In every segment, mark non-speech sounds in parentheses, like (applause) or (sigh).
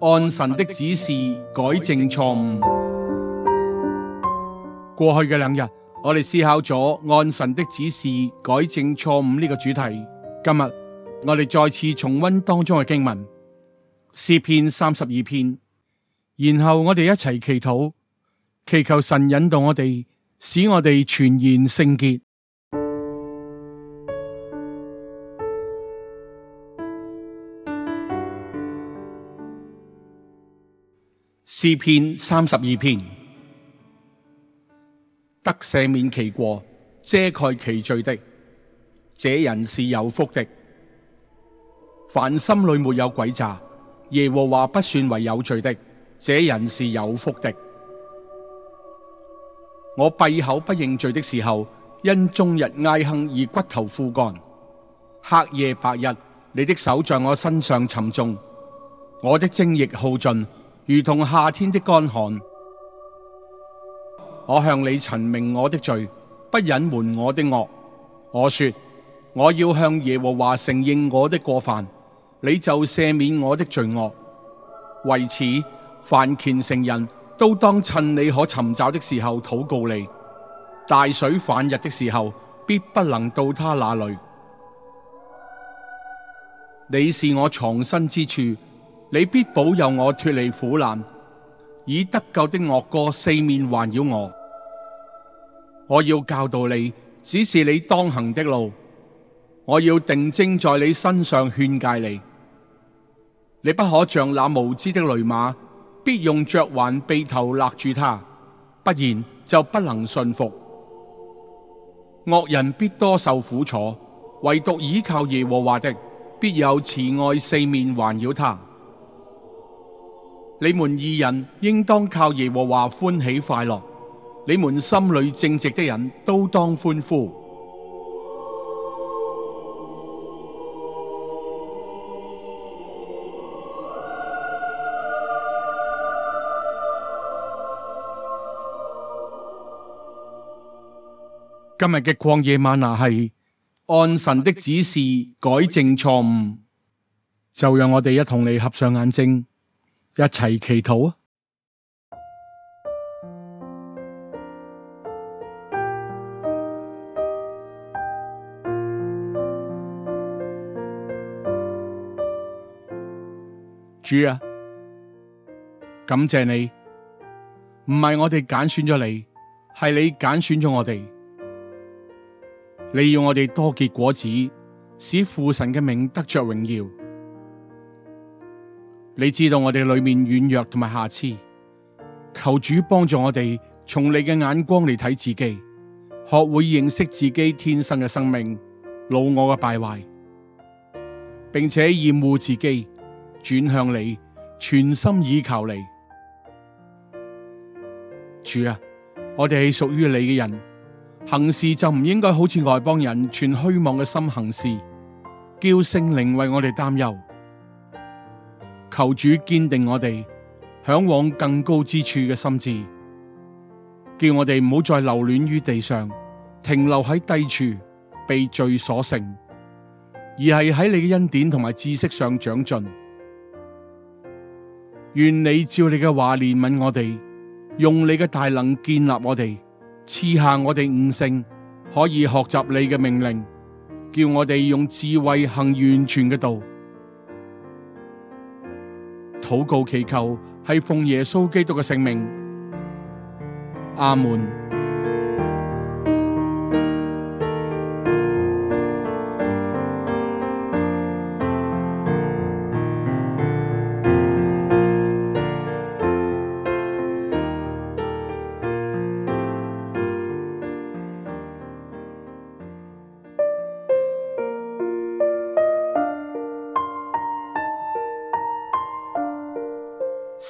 按神的指示改正錯誤。過去嘅兩日，我哋思考咗按神的指示改正錯誤呢個主題。今日我哋再次重溫當中嘅經文，詩篇三十二篇，然後我哋一齊祈禱，祈求神引導我哋，使我哋全然聖潔。詩篇三十二篇，得赦免其過、遮蓋其罪的，這人是有福的。凡心裏沒有詭詐，耶和華不算為有罪的，這人是有福的。我閉口不認罪的時候，因終日唉哼而骨頭枯乾，黑夜白日，你的手在我身上沉重，我的精液耗盡。如同夏天的乾旱，我向你陳明我的罪，不隱瞞我的惡。我說，我要向耶和華承認我的過犯，你就赦免我的罪惡。為此，凡虔誠人都當趁你可尋找的時候禱告你。大水泛溢的時候，必不能到他那裏。你是我藏身之處。你必保佑我脫離苦難，以得救的樂歌四面環繞我。我要教導你，指示你當行的路。我要定睛在你身上，勸誡你。你不可像那無知的騾馬，必用嚼環轡頭勒住他，不然就不能馴服。惡人必多受苦楚，唯獨倚靠耶和華的，必有慈愛四面環繞他。你們義人應當靠耶和華歡喜快樂，你們心裏正直的人都當歡呼。 (music) 今日嘅曠野嗎哪係按神的指示改正錯誤， (music) 就讓我哋一同嚟合上眼睛。一齊祈禱啊！主啊，感謝你，唔係我哋揀選咗你，係你揀選咗我哋。你要我哋多結果子，使父神嘅名得着榮耀。你知道我哋裏面軟弱同埋瑕疵，求主幫助我哋從你嘅眼光嚟睇自己，學會認識自己天生嘅生命、老我嘅敗壞，並且厭惡自己，轉向你，全心以求你。主啊，我哋係屬於你嘅人，行事就唔應該好似外邦人存虛妄嘅心行事，叫聖靈為我哋擔憂。求主堅定我哋向往更高之處嘅心智，叫我哋唔好再留戀於地上，停留喺低處被罪所勝，而係喺你嘅恩典同埋知識上長進。願你照你嘅話憐憫我哋，用你嘅大能建立我哋，賜下我哋悟性，可以學習你嘅命令，叫我哋用智慧行完全嘅道。禱告祈求，係奉耶穌基督嘅聖名。阿門。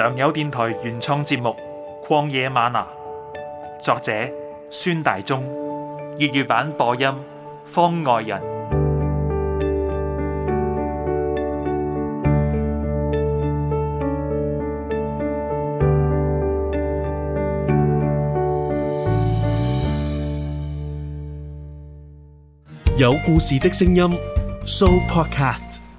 良友電台原創節目《曠野嗎哪》，作者孫大中，粵語版播音方外人。有故事的聲音，Show Podcast。